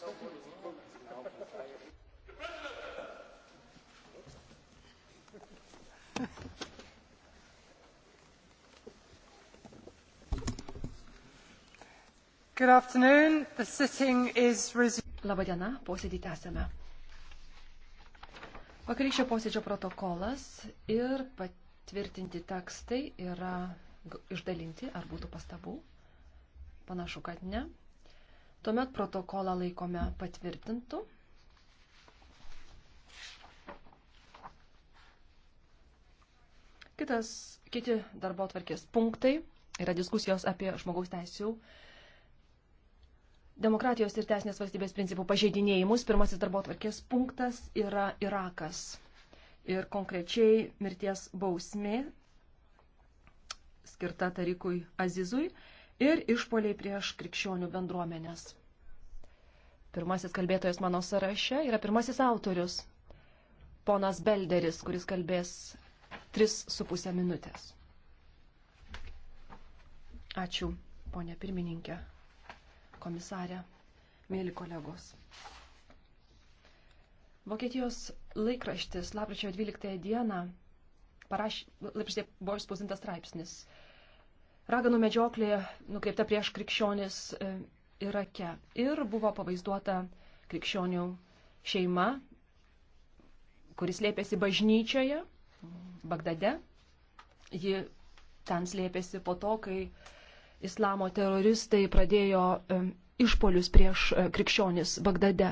Labą dieną, posėdį tęsėme. Vakarykščio posėdžio protokolas ir patvirtinti tekstai yra išdalinti, ar būtų pastabų. Panašu, kad ne. Tuomet protokolą laikome patvirtintų. Kitas, kiti darbo atvarkės punktai yra diskusijos apie žmogaus teisų, demokratijos ir teisinės valstybės principų pažeidinėjimus. Pirmasis darbo atvarkės punktas yra Irakas ir konkrečiai mirties bausmė skirta Tarikui Azizui ir išpoliai prieš krikščionių bendruomenės. Pirmasis kalbėtojas mano sąraše yra pirmasis autorius, ponas Belderis, kuris kalbės 3,5 minutės. Ačiū, ponė pirmininkė, komisarė, mėly kolegos. Vokietijos laikraštis lapkričio 12 dieną parašė, laikraštė buvo išspausintas straipsnis. Raganų medžioklė nukreipta prieš krikščionis Irake. Ir buvo pavaizduota krikščionių šeima, kuris slėpėsi bažnyčioje Bagdade. Ji ten slėpėsi po to, kai islamo teroristai pradėjo išpolius prieš e, krikščionis Bagdade.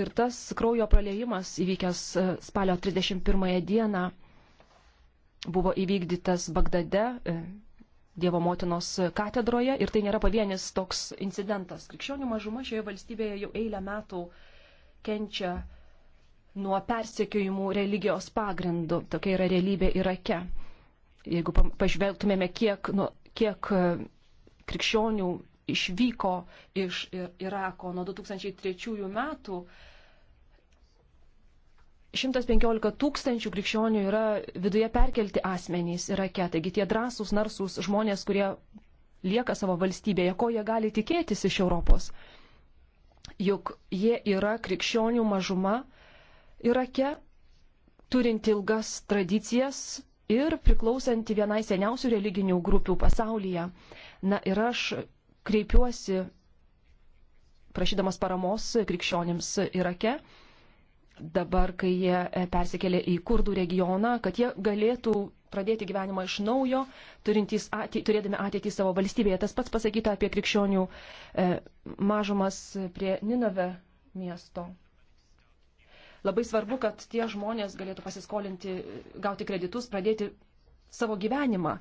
Ir tas kraujo praleimas įvykęs e, spalio 31 dieną buvo įvykdytas Bagdade, e, Dievo motinos katedroje ir tai nėra pavienis toks incidentas. Krikščionių mažuma šioje valstybėje jau eilę metų kenčia nuo persekiojimų religijos pagrindų. Tokia yra realybė Irake. Jeigu pažvelgtumėme, kiek, nu, kiek e, krikščionių išvyko iš Irako nuo 2003 metų, 115 tūkstančių krikščionių yra viduje perkelti asmenys Irake, taigi tie drąsūs, narsūs žmonės, kurie lieka savo valstybėje, ko jie gali tikėtis iš Europos. Juk jie yra krikščionių mažuma Irake, turinti ilgas tradicijas ir priklausanti vienai seniausių religinių grupių pasaulyje. Na ir aš kreipiuosi, prašydamas paramos krikščionims Irake. Ir dabar, kai jie e, persikėlė į kurdų regioną, kad jie galėtų pradėti gyvenimą iš naujo, atei, turėdami ateitį savo valstybėje. Tas pats pasakyta apie krikščionių e, mažumas prie Ninave miesto. Labai svarbu, kad tie žmonės galėtų pasiskolinti, gauti kreditus, pradėti savo gyvenimą.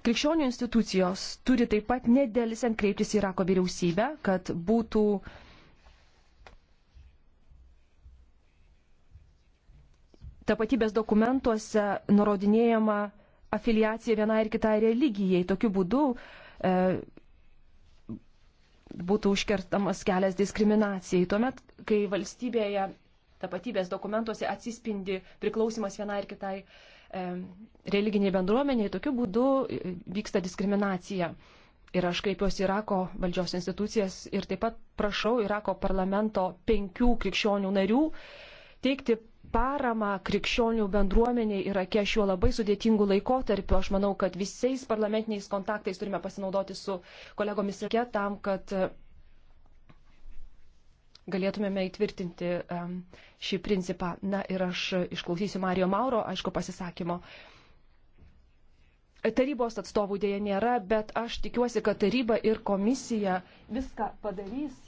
Krikščionių institucijos turi taip pat nedėlisant kreiptis į Irako vyriausybę, kad būtų uh, tapatybės dokumentuose nurodinėjama afiliacija vienai ir kitai religijai. Tokiu būdu e, būtų užkertamas kelias diskriminacijai. Tuomet, kai valstybėje tapatybės dokumentuose atsispindi priklausimas vienai ir kitai e, religiniai bendruomeniai, tokiu būdu e, vyksta diskriminacija. Ir aš kreipiuosi Irako valdžios institucijas ir taip pat prašau Irako parlamento penkių krikščionių narių teikti paramą krikščionių bendruomeniai Irake šiuo labai sudėtingu laikotarpiu. Aš manau, kad visais parlamentiniais kontaktais turime pasinaudoti su kolegomis Irake tam, kad e, galėtumėme įtvirtinti e, šį principą. Na ir aš išklausysiu Mario Mauro, aišku, pasisakymo. Tarybos atstovų dėja nėra, bet aš tikiuosi, kad taryba ir komisija viską padarys,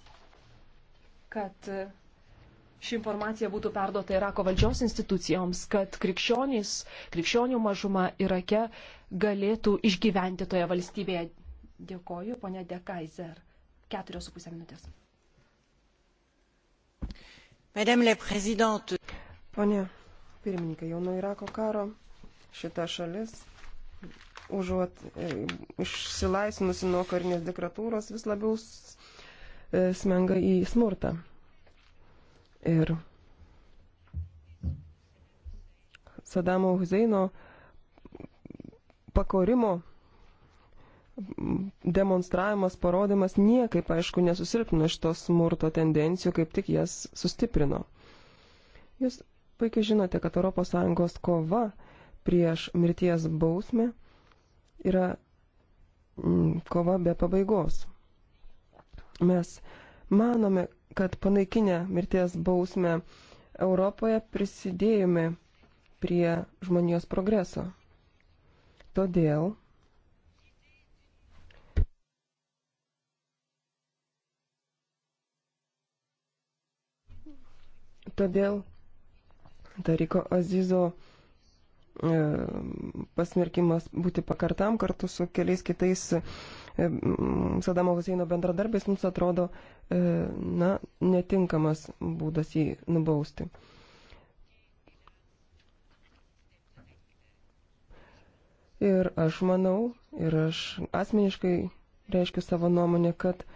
kad e, ši informacija būtų perduota Irako valdžios institucijoms, kad krikščionys, krikščionių mažuma Irake galėtų išgyventi toje valstybėje. Dėkoju, ponė Dekaiser. Keturios su pusė minutės. Pone pirmininkai, jau nuo Irako karo šita šalis, užuot e, išsilaisvinusi nuo karinės dekratūros, vis labiau e, smenga į smurtą. Ir Sadamo Huseino pakorimo demonstravimas, parodimas niekaip, aišku, nesusilpino šitos smurto tendencijų, kaip tik jas sustiprino. Jūs puikiai žinote, kad ES kova prieš mirties bausmę yra mm, kova be pabaigos. Mes manome, kad panaikinę mirties bausmę Europoje prisidėjome prie žmonijos progreso. Todėl Todėl Tariko Azizo E, pasmerkimas būti pakartam kartu su keliais kitais e, Sadamo Huseino bendradarbiais mums atrodo e, na, netinkamas būdas jį nubausti. Ir aš manau, ir aš asmeniškai reiškiu savo nuomonę, kad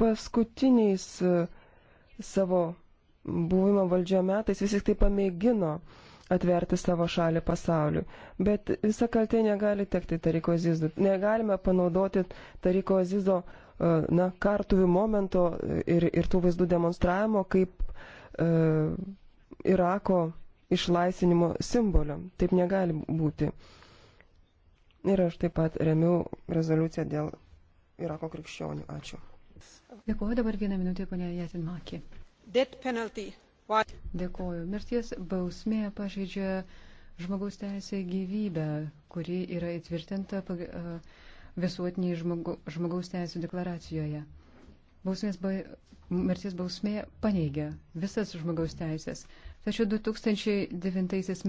paskutiniais savo buvimo valdžioje metais vis tik tai pamėgino atverti savo šalį pasauliu. Bet visa kaltė negali tekti Tariko Zizu. Negalime panaudoti Tariko Zizo e, na, kartuvių momento ir, ir tų vaizdų demonstravimo kaip e, Irako išlaisinimo simbolio. Taip negali būti. Ir aš taip pat remiu rezoliuciją dėl Irako krikščionių. Ačiū. Dėkuoju dabar vieną minutę, ponia Jatinmakė. Dėkoju. Mirties bausmė pažeidžia žmogaus teisę į gyvybę, kuri yra įtvirtinta visuotiniai žmogu, žmogaus teisų deklaracijoje. Bausmės ba, mirties bausmė paneigia visas žmogaus teisės. Tačiau 2009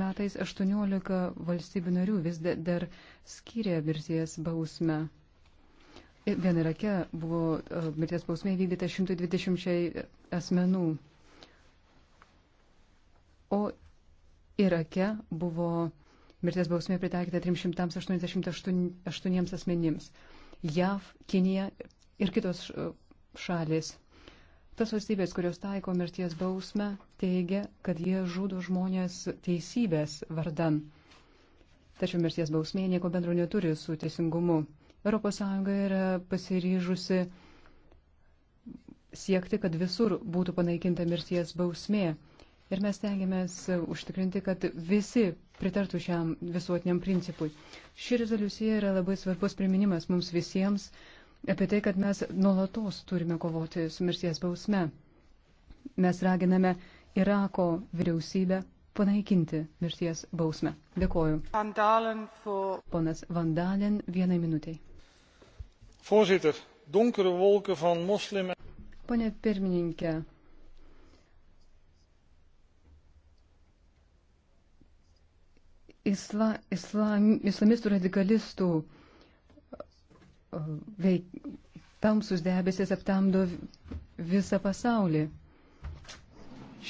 metais 18 valstybių narių vis dar skyrė mirties bausmę. Vien Irake buvo e, mirties bausmė vykdyta 120 asmenų. O Irake buvo mirties bausmė pritaikyta 388 asmenims. JAV, Kinija ir kitos e, šalis. Tas valstybės, kurios taiko mirties bausmę, teigia, kad jie žudo žmonės teisybės vardan. Tačiau mirties bausmė nieko bendro neturi su teisingumu. ES yra pasiryžusi siekti, kad visur būtų panaikinta mirties bausmė. Ir mes tengiamės užtikrinti, kad visi pritartų šiam visuotiniam principui. Ši rezoliucija yra labai svarbus priminimas mums visiems apie tai, kad mes nuolatos turime kovoti su mirties bausme. Mes raginame Irako vyriausybę panaikinti mirties bausmę. Dėkoju. Vandalen for... Ponas Vandalen, vienai minutiai. Voorzitter, donkere wolken van moslim. Pone pirmininkė. Isla, islam, islamistų radikalistų uh, veik, tamsus debesis aptamdo visą pasaulį.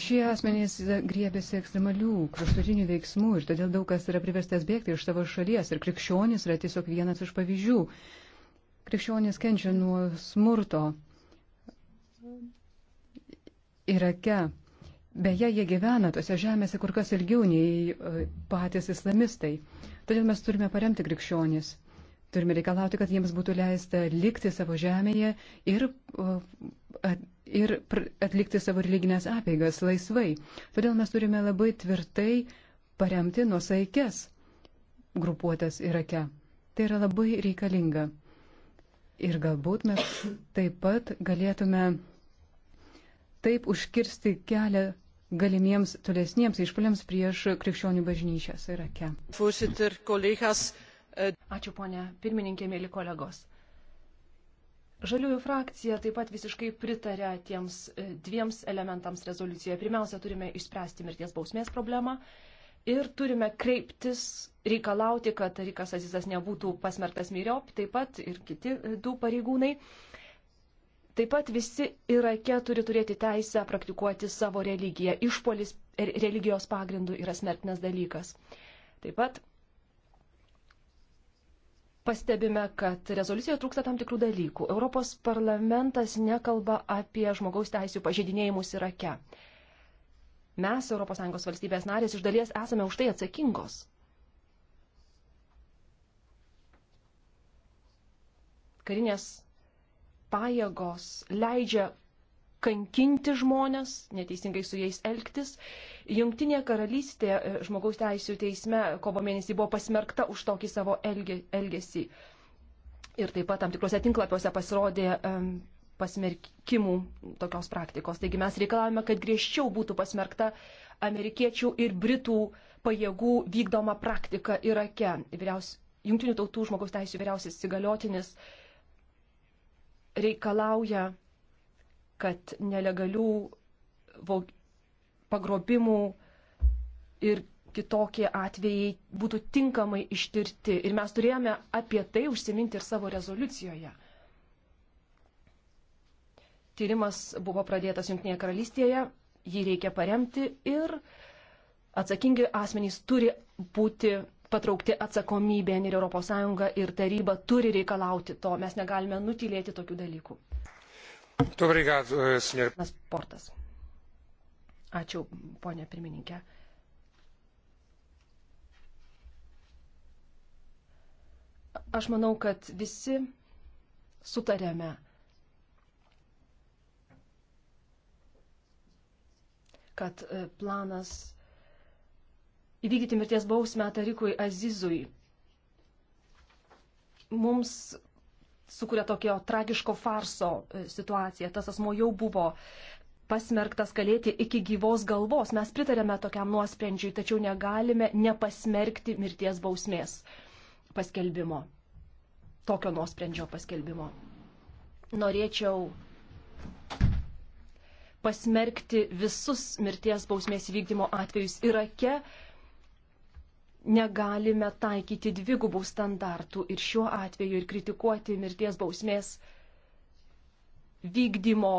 Šie asmenys griebėsi ekstremalių kraštutinių veiksmų ir todėl daug kas yra priverstas bėgti iš savo šalies ir krikščionis yra tiesiog vienas iš pavyzdžių. Krikščionys kenčia nuo smurto Irake. Beje, jie gyvena tose žemėse kur kas ilgiau nei e, patys islamistai. Todėl mes turime paremti krikščionis. Turime reikalauti, kad jiems būtų leista likti savo žemėje ir, e, ir atlikti savo religinės apeigas laisvai. Todėl mes turime labai tvirtai paremti nuosaikės grupuotės Irake. Tai yra labai reikalinga. Ir galbūt mes taip pat galėtume taip užkirsti kelią galimiems tolesniems išpoliams prieš krikščionių bažnyčias Irake. Eh, Ačiū ponė pirmininkė, mėly kolegos. Žaliųjų frakcija taip pat visiškai pritarė tiems eh, dviems elementams rezoliucijoje. Pirmiausia, turime išspręsti mirties bausmės problemą ir turime kreiptis, reikalauti, kad Tarikas Azizas nebūtų pasmertas myriop, taip pat ir kiti e, du pareigūnai. Taip pat visi Irake turi turėti teisę praktikuoti savo religiją. Išpolis religijos pagrindų yra smertinas dalykas. Taip pat pastebime, kad rezoliucijoje trūksta tam tikrų dalykų. Europos parlamentas nekalba apie žmogaus teisų pažeidinėjimus Irake. Ir Mes, ES valstybės narės, iš dalies esame už tai atsakingos. Karinės pajėgos leidžia kankinti žmonės, neteisingai su jais elgtis. Jungtinė karalystė e, žmogaus teisų teisme kovo mėnesį buvo pasmerkta už tokį savo elgesį. Ir taip pat tam tikrose tinklapiuose pasirodė um, pasmerkimų tokios praktikos. Taigi mes reikalavome, kad griežčiau būtų pasmerkta amerikiečių ir britų pajėgų vykdoma praktika Irake. Vyriaus, Jungtinių tautų žmogaus teisų vyriausias įgaliotinis reikalauja, kad nelegalių pagrobimų ir kitokie atvejai būtų tinkamai ištirti. Ir mes turėjome apie tai užsiminti ir savo rezoliucijoje. Tyrimas buvo pradėtas Junktinėje karalystėje, jį reikia paremti ir atsakingi asmenys turi būti patraukti atsakomybėn ir ES ir taryba turi reikalauti to. Mes negalime nutilėti tokių dalykų. Obrigado, eh, senhor. Portas. Ačiū, ponė pirmininkė. Aš manau, kad visi sutarėme, kad e, planas įvykdyti mirties bausmę Tarikui Azizui mums sukuria tokio tragiško farso e, situaciją. Tas asmo jau buvo pasmerktas kalėti iki gyvos galvos. Mes pritarėme tokiam nuosprendžiui, tačiau negalime nepasmerkti mirties bausmės paskelbimo. Tokio nuosprendžio paskelbimo. Norėčiau pasmerkti visus mirties bausmės įvykdymo atvejus Irake, negalime taikyti dvigubų standartų ir šiuo atveju ir kritikuoti mirties bausmės vykdymo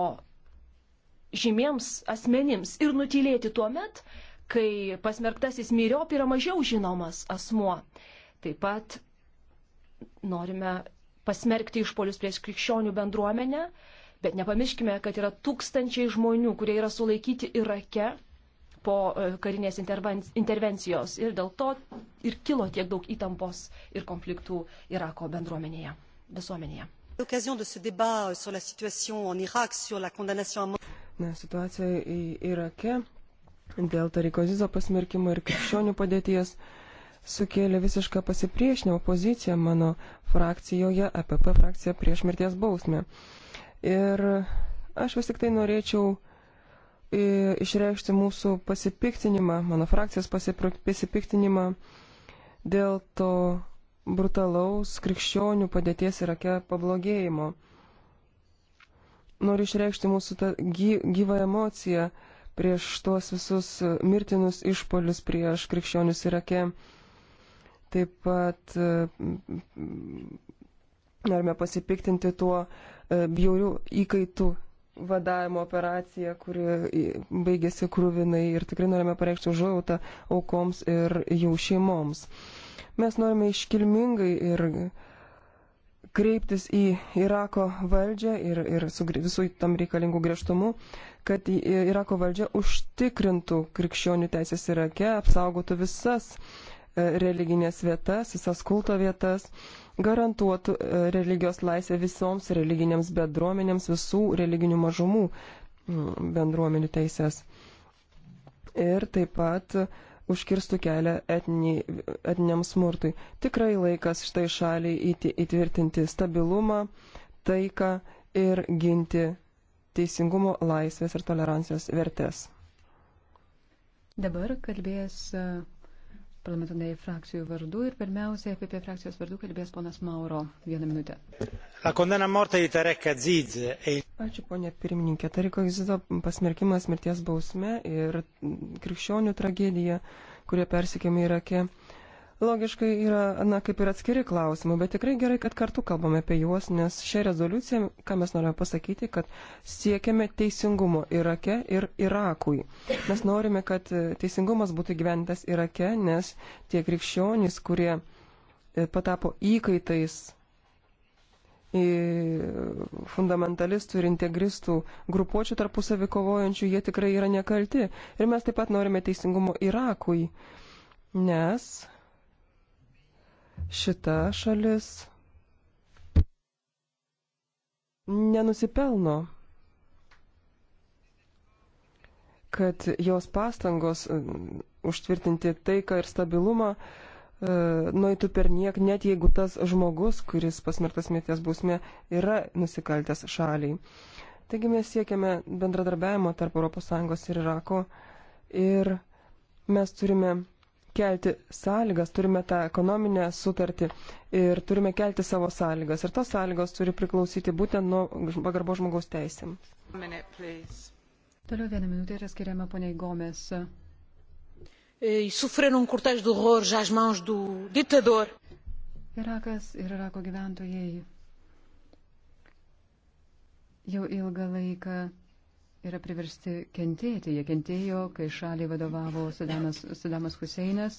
žymiems asmenims ir nutylėti tuo met, kai pasmerktasis myriop yra mažiau žinomas asmuo. Taip pat norime pasmerkti išpolius prieš krikščionių bendruomenę, Bet nepamirškime, kad yra tūkstančiai žmonių, kurie yra sulaikyti Irake po e, karinės intervencijos ir dėl to ir kilo tiek daug įtampos ir konfliktų Irako bendruomenėje, visuomenėje. Euh, Na, situacija į Irake dėl Tarikozizo pasmerkimo ir krikščionių padėties sukėlė visišką pasipriešinimo poziciją mano frakcijoje, APP frakcija prieš mirties bausmę. Ir aš vis tik tai norėčiau e, išreikšti mūsų pasipiktinimą, mano frakcijos pasipiktinimą dėl to brutalaus krikščionių padėties Irake pablogėjimo. Noriu išreikšti mūsų tą gy, gyvą emociją prieš tuos visus mirtinus išpolius prieš krikščionius Irake. Taip pat e, Norime pasipiktinti tuo e, bjaurių įkaitų vadavimo operacija, kuri e, baigėsi krūvinai ir tikrai norime pareikšti užuojautą aukoms ir jų šeimoms. Mes norime iškilmingai ir kreiptis į Irako valdžią ir, ir su visų tam reikalingų griežtumu, kad Irako valdžia užtikrintų krikščionių teisės Irake, apsaugotų visas uh, E, religinės vietas, visas kulto vietas, garantuotų e, religijos laisvę visoms religinėms bendruomenėms, visų religinių mažumų mm, bendruomenių teisės. Ir taip pat užkirstų kelią etniniam smurtui. Tikrai laikas štai šaliai įtvirtinti stabilumą, taiką ir ginti teisingumo, laisvės ir tolerancijos vertės. Dabar kalbės parlamentinai frakcijų vardu ir pirmiausia apie, apie frakcijos vardu kalbės ponas Mauro. Vieną minutę. E Ačiū ponė pirmininkė. Tariko Izido pasmerkimas mirties bausme ir krikščionių tragedija, kurie persikėmė Irake. Ir logiškai yra, na, kaip ir atskiri klausimai, bet tikrai gerai, kad kartu kalbame apie juos, nes šią rezoliuciją, ką mes norime pasakyti, kad siekiame teisingumo Irake ir Irakui. Mes norime, kad teisingumas būtų gyventas Irake, nes tie krikščionys, kurie e, patapo įkaitais į e, fundamentalistų ir integristų grupuočių tarpusavį kovojančių, jie tikrai yra nekalti. Ir mes taip pat norime teisingumo Irakui, nes šita šalis nenusipelno, kad jos pastangos um, užtvirtinti taiką ir stabilumą uh, nueitų per niek, net jeigu tas žmogus, kuris pasmerktas mirties bausmė, yra nusikaltęs šaliai. Taigi mes siekiame bendradarbiavimo tarp ES ir Irako ir mes turime kelti sąlygas, turime tą ekonominę sutartį ir turime kelti savo sąlygas. Ir tos sąlygos turi priklausyti būtent nuo pagarbo žmogaus teisėms. Toliau vieną minutę yra skiriama poniai Gomes. Irakas ir Irako gyventojai jau ilgą laiką yra priversti kentėti. Jie kentėjo, kai šaliai vadovavo Sadamas, Sadamas Huseinas.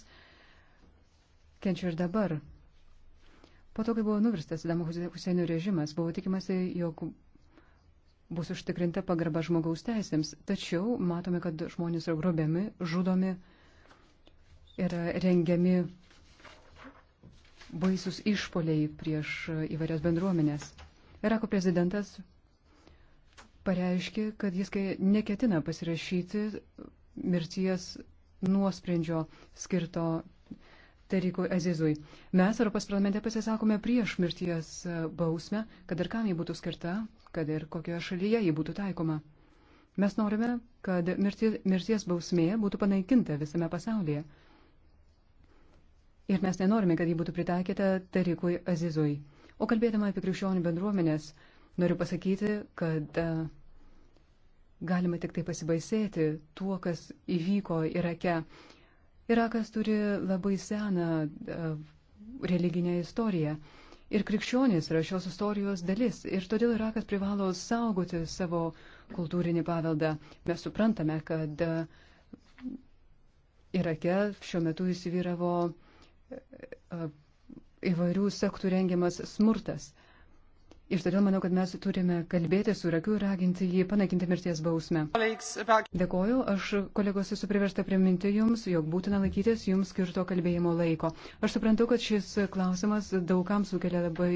Kenčia ir dabar. Po to, kai buvo nuvirstas Sadamo Huseino režimas, buvo tikimasi, jog bus užtikrinta pagarba žmogaus teisėms. Tačiau matome, kad žmonės yra grobiami, žudomi, yra rengiami baisus išpoliai prieš įvairias bendruomenės. Irako prezidentas pareiškė, kad jis neketina pasirašyti mirties nuosprendžio skirto Terikui Azizui. Mes Europos parlamente pasisakome prieš mirties bausmę, kad ir kam jį būtų skirta, kad ir kokioje šalyje jį būtų taikoma. Mes norime, kad mirties, mirties bausmė būtų panaikinta visame pasaulyje. Ir mes nenorime, kad jį būtų pritaikyta Terikui Azizui. O kalbėdama apie krikščionių bendruomenės, Noriu pasakyti, kad e, galima tik tai pasibaisėti tuo, kas įvyko Irake. Irakas turi labai seną e, religinę istoriją. Ir krikščionys yra šios istorijos dalis. Ir todėl Irakas privalo saugoti savo kultūrinį paveldą. Mes suprantame, kad e, Irake šiuo metu įsivyravo įvairių sektų rengiamas smurtas. Ir todėl manau, kad mes turime kalbėti su Iraku ir raginti jį panaikinti mirties bausmę. Dėkoju, aš kolegos esu priversta priminti jums, jog būtina laikytis jums skirto kalbėjimo laiko. Aš suprantu, kad šis klausimas daugam sukelia labai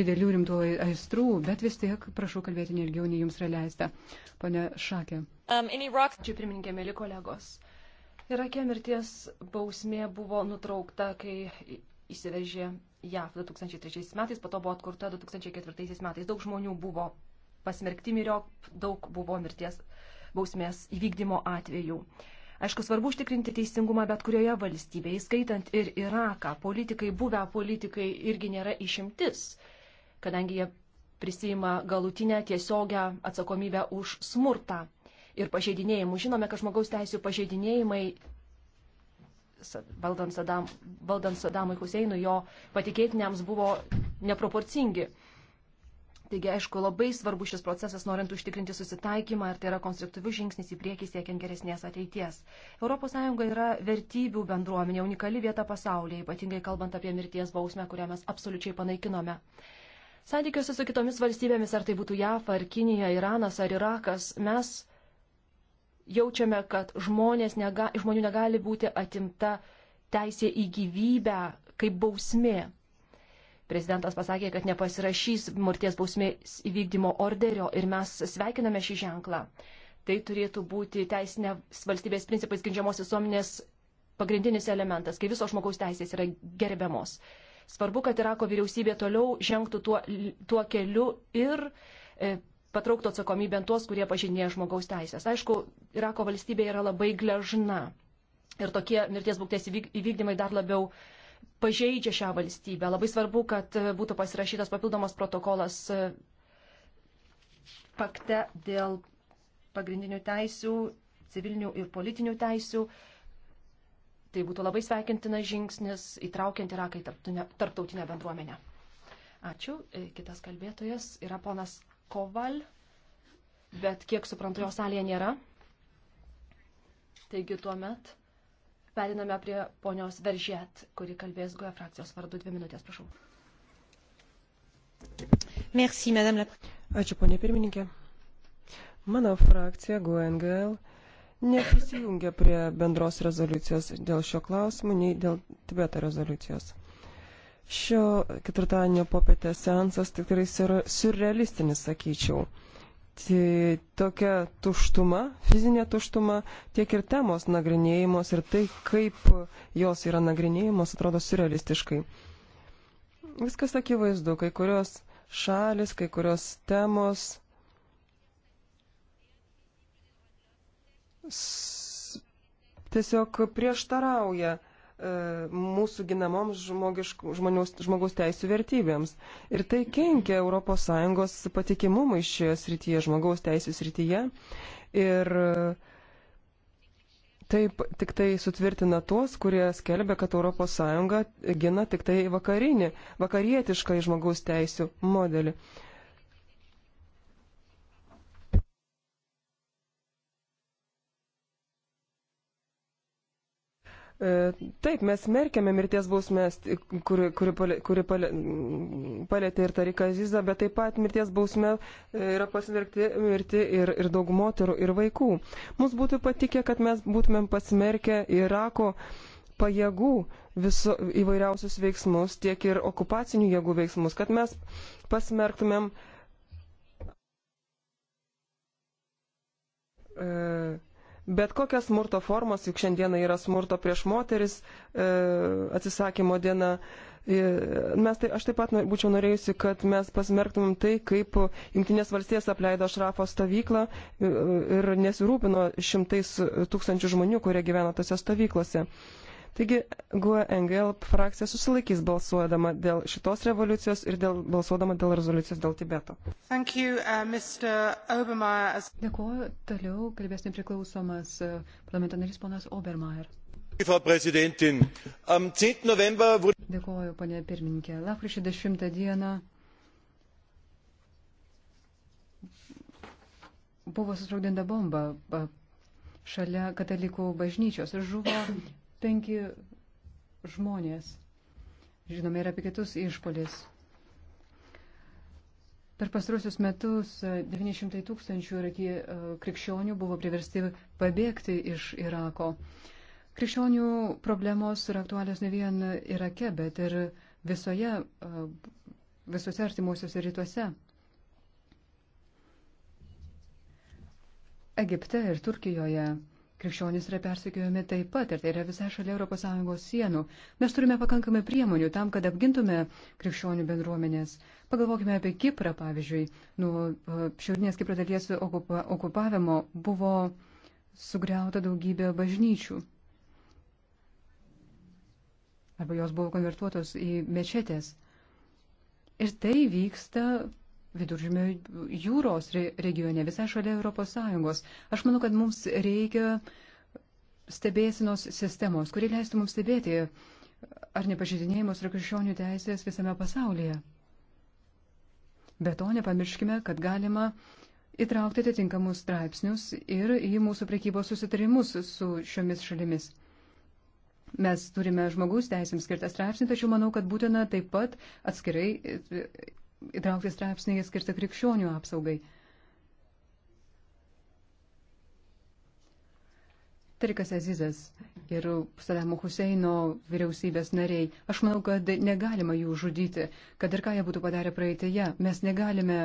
didelių rimtų aistrų, bet vis tiek prašau kalbėti nelgiau, nei jums yra leista. Pone Šakė. Um, Iraq... Čia pirmininkė, mėly kolegos. Irake mirties bausmė buvo nutraukta, kai įsivežė JAV 2003 metais, po to buvo atkurta 2004 metais. Daug žmonių buvo pasmerkti miriop, daug buvo mirties bausmės įvykdymo atvejų. Aišku, svarbu užtikrinti teisingumą bet kurioje valstybėje, įskaitant ir Iraką. Politikai, buvę politikai irgi nėra išimtis, kadangi jie prisima galutinę tiesiogę atsakomybę už smurtą ir pažeidinėjimus. Žinome, kad žmogaus teisų pažeidinėjimai valdant, Sadam, valdant Sadamui Huseinui, jo patikėtiniams buvo neproporcingi. Taigi, aišku, labai svarbu šis procesas, norint užtikrinti susitaikymą, ir tai yra konstruktyvius žingsnis į priekį siekiant geresnės ateities. ES yra vertybių bendruomenė, unikali vieta pasaulyje, ypatingai kalbant apie mirties bausmę, kurią mes absoliučiai panaikinome. Santykiuose su kitomis valstybėmis, ar tai būtų JAF, ar Kinija, Iranas, ar Irakas, mes jaučiame, kad nega, žmonių negali būti atimta teisė į gyvybę kaip bausmė. Prezidentas pasakė, kad nepasirašys mirties bausmės įvykdymo orderio ir mes sveikiname šį ženklą. Tai turėtų būti teisinė valstybės principais grindžiamos visuomenės pagrindinis elementas, kai visos žmogaus teisės yra gerbiamos. Svarbu, kad Irako vyriausybė toliau žengtų tuo, tuo keliu ir e, patrauktų atsakomybę tuos, kurie pažinėja žmogaus teisės. Aišku, Irako valstybė yra labai gležna ir tokie mirties būkties įvykdymai dar labiau pažeidžia šią valstybę. Labai svarbu, kad būtų pasirašytas papildomas protokolas e, pakte dėl pagrindinių teisių, civilinių ir politinių teisių. Tai būtų labai sveikintinas žingsnis įtraukiant Iraką į tarptautinę bendruomenę. Ačiū. E, kitas kalbėtojas yra ponas Koval, bet kiek suprantu, jo salėje nėra. Taigi tuo met periname prie ponios Veržėt, kuri kalbės GUE frakcijos vardu. Dvi minutės, prašau. Merci, madame la... Ačiū, ponė pirmininkė. Mano frakcija GUNGL e neprisijungia prie bendros rezoliucijos dėl šio klausimo, nei dėl Tibeto rezoliucijos. Šio ketvirtadienio popietės seansas tikrai yra surrealistinis, sakyčiau. Tai tokia tuštuma, fizinė tuštuma, tiek ir temos nagrinėjimos ir tai, kaip jos yra nagrinėjimos, atrodo surrealistiškai. Viskas akivaizdu, kai kurios šalis, kai kurios temos tiesiog prieštarauja E, mūsų ginamoms žmogaus teisų vertybėms. Ir tai kenkia ES patikimumui šioje srityje, žmogaus teisų srityje. Ir e, taip tik tai sutvirtina tuos, kurie skelbia, kad ES gina tik tai vakarinį, vakarietišką žmogaus teisų modelį. E, taip, mes smerkėme mirties bausmės, kuri, kuri, kuri palėtė ir Tariką Zizą, bet taip pat mirties bausmė e, yra pasmerkti mirti ir, ir daug moterų ir vaikų. Mums būtų patikę, kad mes būtumėm pasmerkę Irako pajėgų viso, įvairiausius veiksmus, tiek ir okupacinių jėgų veiksmus, kad mes pasmerktumėm. E, Bet kokias smurto formas, juk šiandieną yra smurto prieš moteris e, atsisakymo diena. E, mes tai, aš taip pat būčiau norėjusi, kad mes pasmerktumėm tai, kaip Junktinės valstijas apleido Šrafo stovyklą e, ir nesirūpino šimtais tūkstančių žmonių, kurie gyvena tose stovyklose. E, Taigi, GUE-NGL frakcija susilaikys balsuodama dėl šitos revoliucijos ir dėl, balsuodama dėl rezoliucijos dėl Tibeto. Thank you, uh, Dėkuoju. Toliau kalbės nepriklausomas uh, parlamento narys ponas Obermeier. Dėkuoju, ponė pirmininkė. Lapkričio 10 dieną buvo susprogdinta bomba šalia katalikų bažnyčios ir žuvo penki žmonės. Žinome ir apie kitus išpolis. Per pastrusius metus 900 e, tūkstančių irakį e, krikščionių buvo priversti pabėgti iš Irako. Krikščionių problemos yra aktualios ne vien Irake, bet ir visoje, e, visose artimuosiuose rytuose. Egipte ir Turkijoje Krikščionys yra persekiojami taip pat ir tai yra visai šalia ES sienų. Mes turime pakankamai priemonių tam, kad apgintume krikščionių bendruomenės. Pagalvokime apie Kiprą, pavyzdžiui. Nuo e, šiaurinės Kipro dalies okupa, okupavimo buvo sugriauta daugybė bažnyčių. Arba jos buvo konvertuotos į mečetės. Ir tai vyksta viduržymio jūros regione, visai šalia ES. Aš manau, kad mums reikia stebėsinos sistemos, kuri leistų mums stebėti, ar nepažydinėjimus yra krikščionių teisės visame pasaulyje. Be to nepamirškime, kad galima įtraukti atitinkamus straipsnius ir į mūsų prekybos susitarimus su šiomis šalimis. Mes turime žmogaus teisėms skirtą straipsnį, tačiau manau, kad būtina taip pat atskirai įtraukti straipsnį skirtą krikščionių apsaugai. Tarikas Azizas ir Sadamo Huseino vyriausybės nariai. Aš manau, kad negalima jų žudyti, kad ir ką jie būtų padarę praeitėje. Mes negalime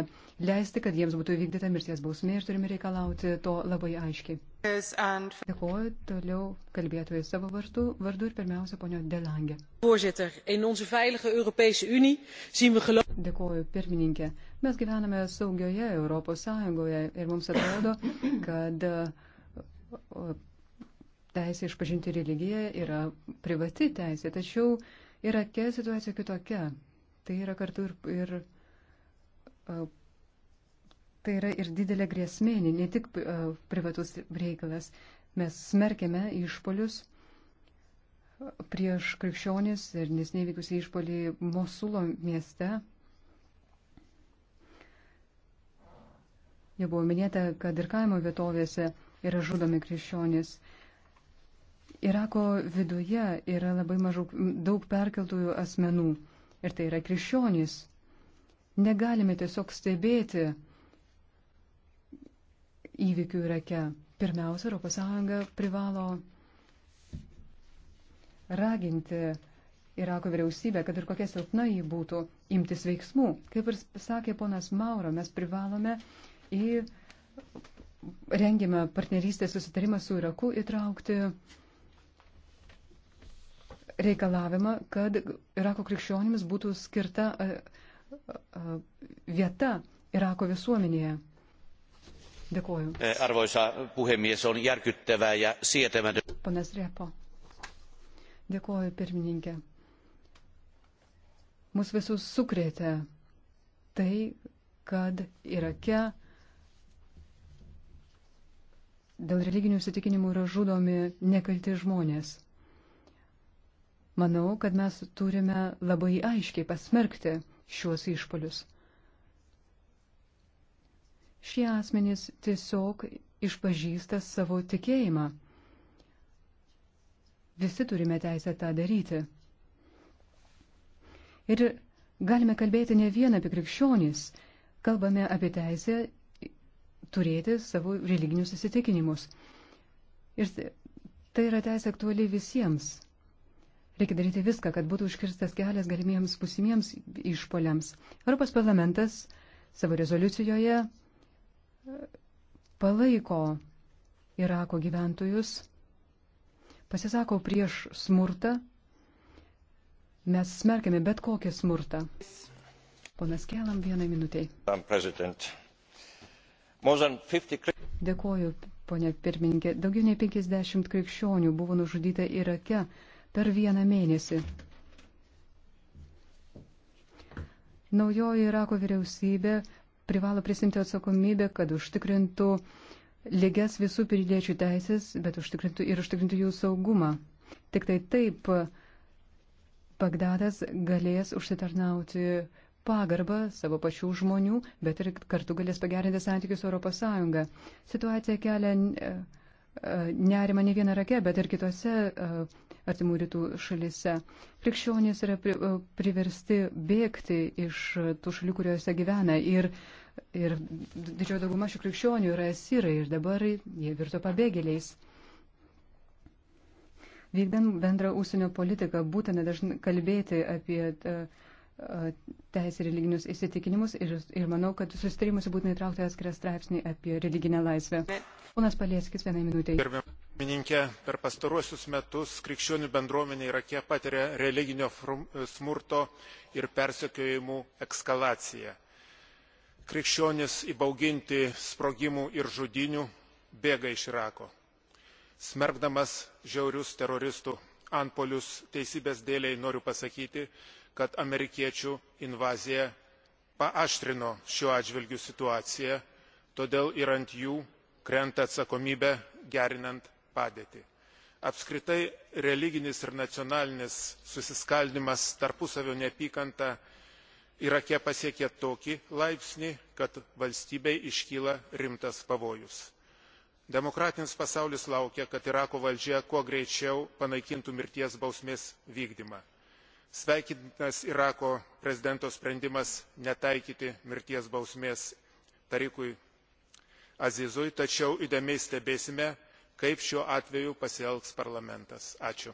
leisti, kad jiems būtų įvykdyta mirties bausmė ir turime reikalauti to labai aiškiai. Dėkuoju, toliau kalbėtojai savo vardu, vardu ir pirmiausia ponio Delangė. Dėkuoju, pirmininkė. Mes gyvename saugioje Europos Sąjungoje ir mums atrodo, kad teisė išpažinti religiją yra privati teisė, tačiau Irake situacija kitokia. Tai yra kartu ir, ir tai yra ir didelė grėsmė, ne tik privatus reikalas. Mes smerkėme išpolius prieš krikščionis ir nesnei vykusiai išpolį Mosulo mieste. Jau buvo minėta, kad ir kaimo vietovėse yra žudomi krikščionis. Irako viduje yra labai mažų, daug perkeltųjų asmenų ir tai yra krikščionys. Negalime tiesiog stebėti įvykių Irake. Pirmiausia, ES privalo raginti Irako vyriausybę, kad ir kokia silpna jį būtų, imtis veiksmų. Kaip ir sakė ponas Mauro, mes privalome į rengimą partnerystės susitarimą su Iraku įtraukti reikalavimą, kad Irako krikščionims būtų skirta e, e, e, vieta Irako visuomenėje. Dėkuoju. Arvoisa puhemies, on järkyttävää ja sietämätöntä. Panas Repo. Dėkuoju, pirmininkė. Mus visus sukrėtė tai, kad Irake dėl religinių įsitikinimų yra žudomi nekalti žmonės. Manau, kad mes turime labai aiškiai pasmerkti šiuos išpolius. Šie asmenys tiesiog išpažįsta savo tikėjimą. Visi turime teisę tą daryti. Ir galime kalbėti ne vien apie krikščionys, kalbame apie teisę turėti savo religinius įsitikinimus. Ir tai yra teisė aktuali visiems. Reikia daryti viską, kad būtų užkirstas kelias galimiems pusimiems išpoliams. Europos parlamentas savo rezoliucijoje e, palaiko Irako gyventojus, pasisako prieš smurtą. Mes smerkiame bet kokį smurtą. Ponas Kelam, vienai minutiai. Dėkoju, ponė pirmininkė. Daugiau nei 50 krikščionių buvo nužudyta Irake per vieną mėnesį. Naujoji Irako vyriausybė privalo prisimti atsakomybę, kad užtikrintų lygias visų piliečių teisės, bet užtikrintų ir užtikrintų jų saugumą. Tik tai taip Bagdadas galės užsitarnauti pagarbą savo pačių žmonių, bet ir kartu galės pagerinti santykius su ES. Situacija kelia E, nerima ne viena rake, bet ir kitose e, artimų rytų šalise. Krikščionys yra e, priversti bėgti iš tų šalių, kuriuose gyvena. Ir, ir didžioji dauguma šių krikščionių yra sirai ir dabar jie virto pabėgėliais. Vykdant bendrą ūsinio politiką, būtina dažnai kalbėti apie uh, teisę religinius įsitikinimus ir, ir manau, kad susitarimus būtina įtraukti atskirą straipsnį apie religinę laisvę. Ponas Palieskis, vieną minutę. Pirmininkė, per pastaruosius metus krikščionių bendruomenė Irake patiria religinio smurto ir persekiojimų ekskalaciją. Krikščionis įbauginti sprogimų ir žudinių bėga iš Irako. Smerkdamas žiaurius teroristų antpolius teisybės dėliai noriu pasakyti, kad amerikiečių invazija paaštrino šiuo atžvilgiu situaciją todėl ir ant jų krenta atsakomybė gerinant padėtį. apskritai religinis ir nacionalinis susiskaldymas tarpusavio neapykanta irake pasiekė tokį laipsnį kad valstybei iškyla rimtas pavojus. demokratinis pasaulis laukia kad irako valdžia kuo greičiau panaikintų mirties bausmės vykdymą sveikintinas irako prezidento sprendimas netaikyti mirties bausmės tarikui azizui tačiau įdėmiai stebėsime kaip šiuo atveju pasielgs parlamentas. ačiū.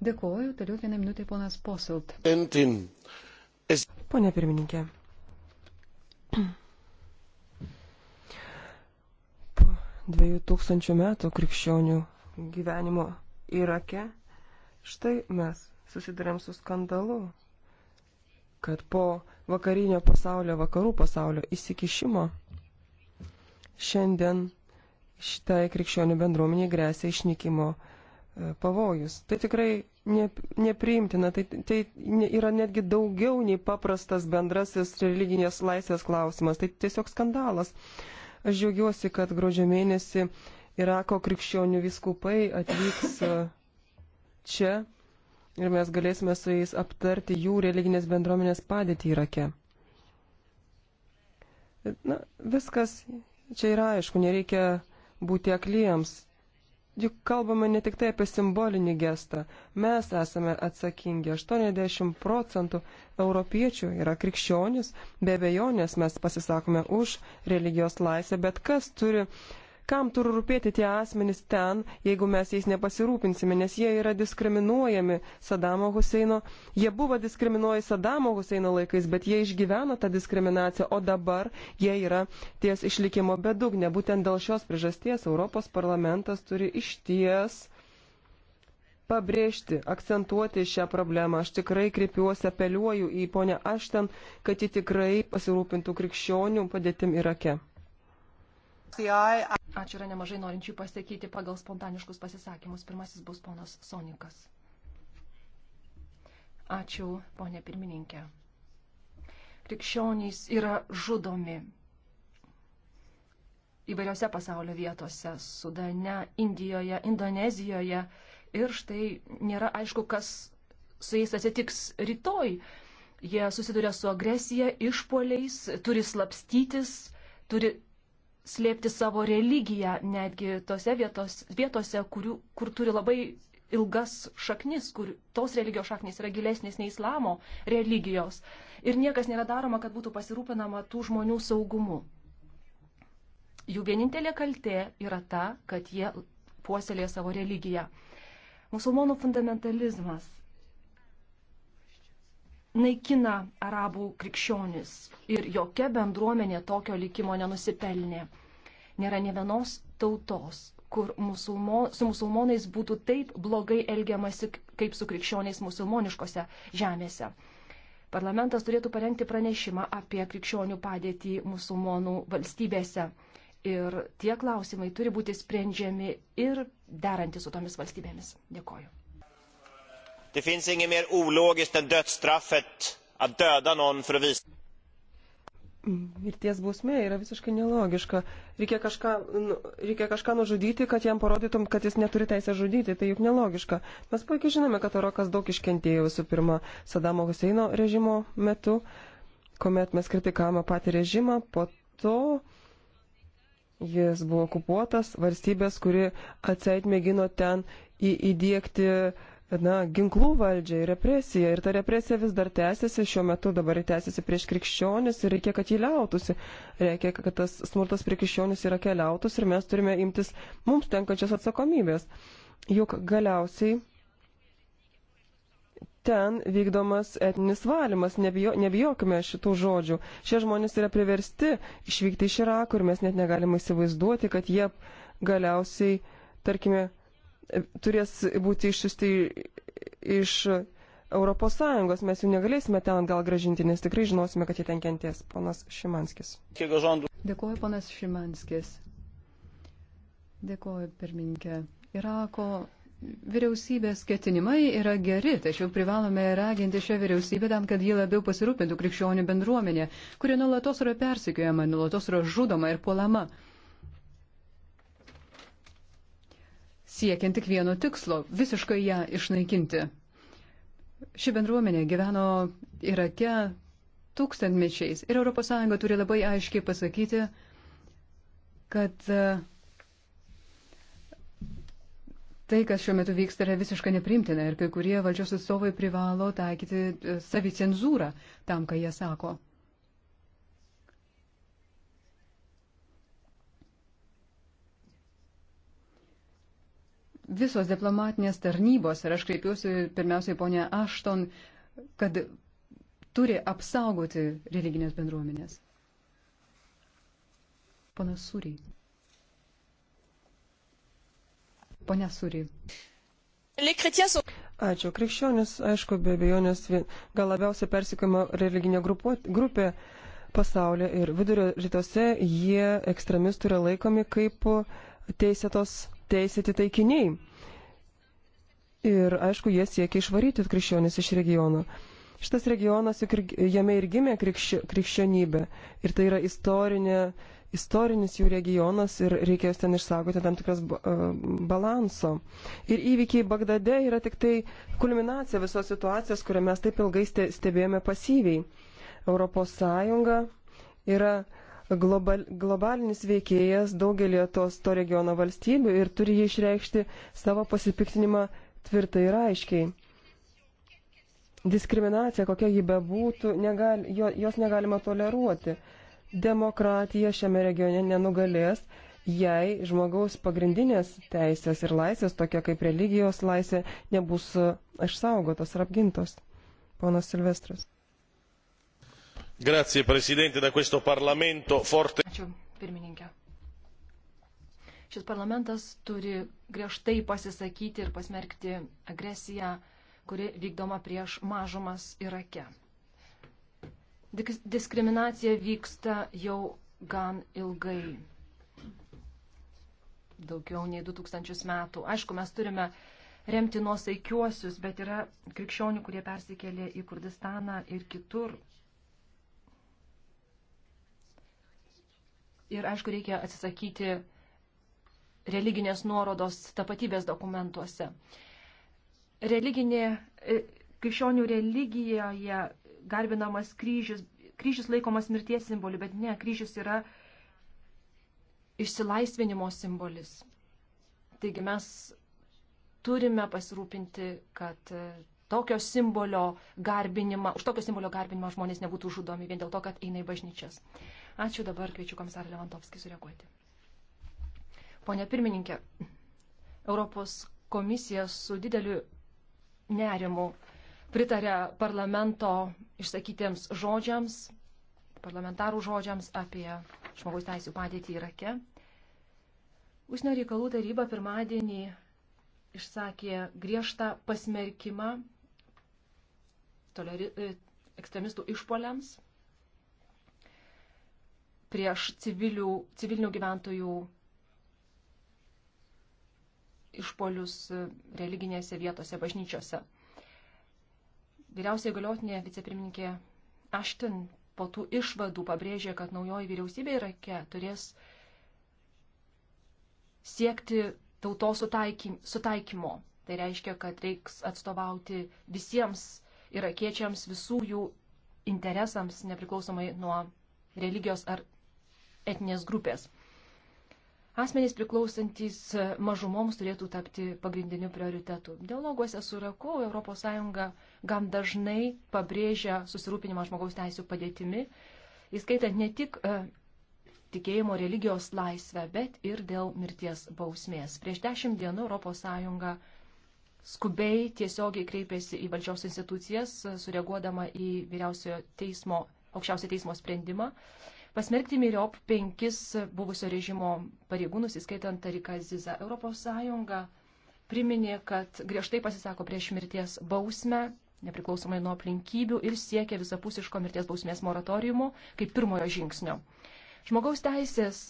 Dėkuoju, toliau vieną minutę ponas Poselt. Pone pirmininkė. Po dviejų tūkstančių metų krikščionių gyvenimo Irake, štai mes susidurėm su skandalu, kad po vakarinio pasaulio, vakarų pasaulio įsikišimo šiandien šitai krikščionių bendruomeniai grėsia išnykimo e, pavojus. Tai tikrai ne, nepriimtina, tai, tai yra netgi daugiau nei paprastas bendrasis religinės laisvės klausimas, tai tiesiog skandalas. Aš džiaugiuosi, kad gruodžio mėnesį Irako krikščionių viskupai atvyks e, čia ir mes galėsime su jais aptarti jų religinės bendruomenės padėtį Irake. Na, viskas čia yra aišku, nereikia būti akliems. Juk kalbame ne tik tai apie simbolinį gestą. Mes esame atsakingi. 80 procentų europiečių yra krikščionis. Be abejonės mes pasisakome už religijos laisvę, bet kas turi uh, Kam turi rūpėti tie asmenys ten, jeigu mes jais nepasirūpinsime, nes jie yra diskriminuojami Sadamo Huseino. Jie buvo diskriminuojami Sadamo Huseino laikais, bet jie išgyveno tą diskriminaciją, o dabar jie yra ties išlikimo bedugne. Būtent dėl šios priežasties Europos parlamentas turi išties pabrėžti, akcentuoti šią problemą. Aš tikrai kreipiuosi, apeliuoju į ponę Ašten, kad ji tikrai pasirūpintų krikščionių padėtim Irake. Ačiū yra nemažai norinčių pasakyti pagal spontaniškus pasisakymus. Pirmasis bus ponas Sonikas. Ačiū, ponė pirmininkė. Krikščionys yra žudomi įvairiose pasaulio vietose - Sudane, Indijoje, Indonezijoje. Ir štai nėra aišku, kas su jais atsitiks rytoj. Jie susiduria su agresija, išpoliais, turi slapstytis, turi slėpti savo religiją netgi tose vietos, vietose, kurių, kur turi labai ilgas šaknis, kur tos religijos šaknis yra gilesnės nei islamo religijos. Ir niekas nėra daroma, kad būtų pasirūpinama tų žmonių saugumu. Jų vienintelė kaltė yra ta, kad jie puoselėja savo religiją. Musulmonų fundamentalizmas naikina arabų krikščionis ir jokia bendruomenė tokio likimo nenusipelnė. Nėra ne vienos tautos, kur musulmo, su musulmonais būtų taip blogai elgiamasi kaip su krikščioniais musulmoniškose žemėse. Parlamentas turėtų parengti pranešimą apie krikščionių padėtį musulmonų valstybėse. Ir tie klausimai turi būti sprendžiami ir deranti su tomis valstybėmis. Dėkoju. Det finns inget mer ologiskt än dödsstraffet, att döda någon för att visa. Mirties bausmė yra visiškai nelogiška. Reikia kažką, nu, reikia kažką nužudyti, kad jam parodytum, kad jis neturi teisę žudyti. Tai juk nelogiška. Mes puikiai žinome, kad Irakas daug iškentėjo visų pirma Sadamo Huseino režimo metu, kuomet mes kritikavome patį režimą, po to jis buvo okupuotas valstybės, kuri atseit mėgino ten į, įdėkti uh, na, ginklų valdžiai, represija. Ir ta represija vis dar tęsiasi, šiuo metu dabar tęsiasi prieš krikščionis ir reikia, kad jį liautųsi. Reikia, kad tas smurtas prie krikščionis yra keliautus ir mes turime imtis mums tenkančias atsakomybės. Juk galiausiai ten vykdomas etninis valymas, nebijo, nebijokime šitų žodžių. Šie žmonės yra priversti išvykti iš Irako ir mes net negalime įsivaizduoti, kad jie galiausiai, tarkime, turės būti išsiusti iš ES, mes jų negalėsime ten gal gražinti, nes tikrai žinosime, kad jie ten kenties. Ponas Šimanskis. Dėkuoju, ponas Šimanskis. Dėkuoju, pirmininkė. Irako vyriausybės ketinimai yra geri, tačiau privalome raginti šią vyriausybę tam, kad ji labiau pasirūpintų krikščionių bendruomenė, kuri nulatos yra persikiojama, nulatos yra žudoma ir puolama. siekiant tik vieno tikslo - visiškai ją išnaikinti. Ši bendruomenė gyveno Irake tūkstantmečiais ir ES turi labai aiškiai pasakyti, kad e, tai, kas šiuo metu vyksta, yra visiškai neprimtina ir kai kurie valdžios atstovai privalo taikyti e, savicenzūrą tam, ką jie sako. visos diplomatinės tarnybos, ir aš kreipiuosi pirmiausiai ponė Ašton, kad turi apsaugoti religinės bendruomenės. Ponas Sūry. Pone Sūry. Ačiū. Krikščionis, aišku, be abejonės, gal labiausiai persikama religinė grupė pasaulyje ir vidurio rytuose jie ekstremistų yra laikomi kaip teisėtos teisėti taikiniai. Ir aišku, jie siekia išvaryti krikščionis iš regiono. Šitas regionas, juk ir, jame ir gimė krikščio, krikščionybė. Ir tai yra istorinė, istorinis jų regionas ir reikės ten išsaugoti tam tikras uh, balanso. Ir įvykiai Bagdade yra tik tai kulminacija visos situacijos, kurią mes taip ilgai stebėjome pasyviai. Europos Sąjunga yra uh, global, globalinis veikėjas daugelį tos to regiono valstybių ir turi jį išreikšti savo pasipiktinimą tvirtai ir aiškiai. Diskriminacija, kokia ji bebūtų, negal, jo, jos negalima toleruoti. Demokratija šiame regione nenugalės, jei žmogaus pagrindinės teisės ir laisvės, tokia kaip religijos laisvė, nebus išsaugotos ar apgintos. Ponas Silvestras. Grazie, Presidente, da questo Parlamento forte. Ačiū, pirmininkė. Šis parlamentas turi griežtai pasisakyti ir pasmerkti agresiją, kuri vykdoma prieš mažumas Irake. Diskriminacija vyksta jau gan ilgai daugiau nei 2000 metų. Aišku, mes turime remti nuosaikiuosius, bet yra krikščionių, kurie persikėlė į Kurdistaną ir kitur. Ir aišku, reikia atsisakyti religinės nuorodos tapatybės dokumentuose. Religinė, e, krikščionių religijoje garbinamas kryžius, kryžius laikomas mirties simboliu, bet ne, kryžius yra išsilaisvinimo simbolis. Taigi mes turime pasirūpinti, kad e, tokio simbolio garbinimą, už tokio simbolio garbinimą žmonės nebūtų žudomi vien dėl to, kad eina į bažnyčias. Uh, Ačiū dabar, kviečiu komisarą Levantovskį sureaguoti. Pone pirmininkė, Europos komisija su dideliu nerimu pritarė parlamento išsakytiems žodžiams, parlamentarų žodžiams apie žmogaus teisų padėtį Irake. Užsienio reikalų taryba pirmadienį išsakė griežtą pasmerkimą toleri, e, ekstremistų išpoliams prieš civilių, civilinių gyventojų išpolius religinėse vietose, bažnyčiose. Vyriausiai galiotinė vicepirmininkė Ashton po tų išvadų pabrėžė, kad naujoji vyriausybė Irake turės siekti tautos sutaikymo. Tai reiškia, kad reiks atstovauti visiems irakiečiams, visų jų interesams, nepriklausomai nuo religijos ar etinės grupės. Asmenys priklausantys mažumoms turėtų tapti pagrindiniu prioritetu. Dialoguose su Raku ES gan dažnai pabrėžia susirūpinimą žmogaus teisų padėtimi, įskaitant ne tik e, tikėjimo religijos laisvę, bet ir dėl mirties bausmės. Prieš dešimt dienų ES skubiai tiesiogiai kreipėsi į valdžios institucijas, e, sureaguodama į vyriausiojo teismo, aukščiausio teismo sprendimą pasmerkti myriop penkis buvusio režimo pareigūnus, įskaitant Tariką Zizą. Europos Sąjunga priminė, kad griežtai pasisako prieš mirties bausmę, nepriklausomai nuo aplinkybių ir siekia visapusiško mirties bausmės moratoriumo kaip pirmojo žingsnio. Žmogaus teisės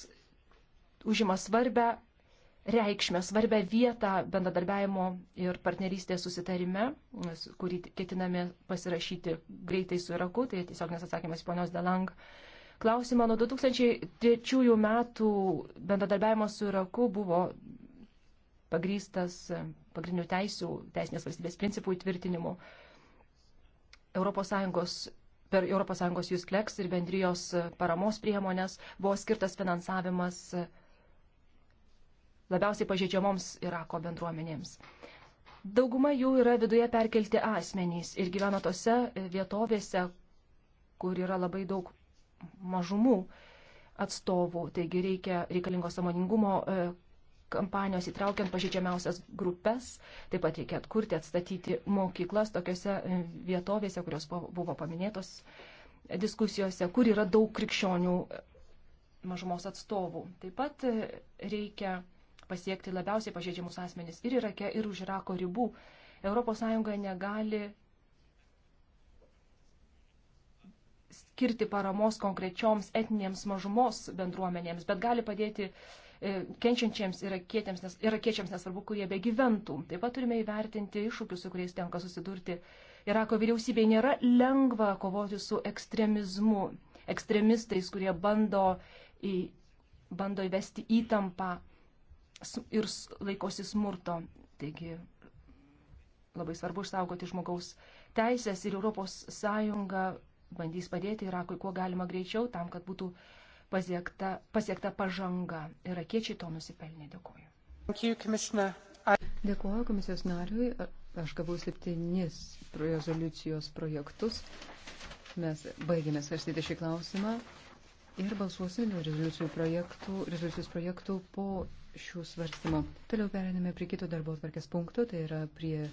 užima svarbę reikšmę, svarbę vietą bendradarbiavimo ir partnerystės susitarime, kurį ketiname pasirašyti greitai su Iraku, tai tiesiog nesatsakymas ponios Delang klausimą. Nuo 2003 metų bendradarbiavimas su Iraku buvo pagrystas pagrindinių teisių, teisinės valstybės principų įtvirtinimu. ES per ES Juskleks ir bendrijos paramos priemonės buvo skirtas finansavimas labiausiai pažeidžiamoms Irako bendruomenėms. Dauguma jų yra viduje perkelti asmenys ir gyvena tose vietovėse, kur yra labai daug mažumų atstovų. Taigi reikia reikalingo samoningumo e, kampanijos įtraukiant pažydžiamiausias grupės, taip pat reikia atkurti, atstatyti mokyklas tokiuose e, vietovėse, kurios buvo paminėtos diskusijose, kur yra daug krikščionių e, mažumos atstovų. Taip pat reikia pasiekti labiausiai pažeidžiamus asmenis ir Irake, ir už Irako ribų. ES negali skirti paramos konkrečioms etinėms mažumos bendruomenėms, bet gali padėti e, kenčiančiems irakiečiams, nes, irakiečiams nesvarbu, kurie begyventų. Taip pat turime įvertinti iššūkius, su kuriais tenka susidurti. Irako vyriausybei nėra lengva kovoti su ekstremizmu, ekstremistais, kurie bando, į, bando įvesti įtampą ir laikosi smurto. Taigi labai svarbu išsaugoti žmogaus teisės ir ES bandys padėti Irakui kuo galima greičiau, tam, kad būtų pasiekta, pasiekta pažanga. Irakiečiai to nusipelnė. Dėkuoju. Dėkuoju komisijos nariui. Aš gavau septynis rezoliucijos projektus. Mes baigėme svarstyti šį klausimą ir balsuosime rezoliucijų projektų, rezoliucijos projektų po šių svarstymų. Toliau perėmėme prie kito darbo tvarkės punkto, tai yra prie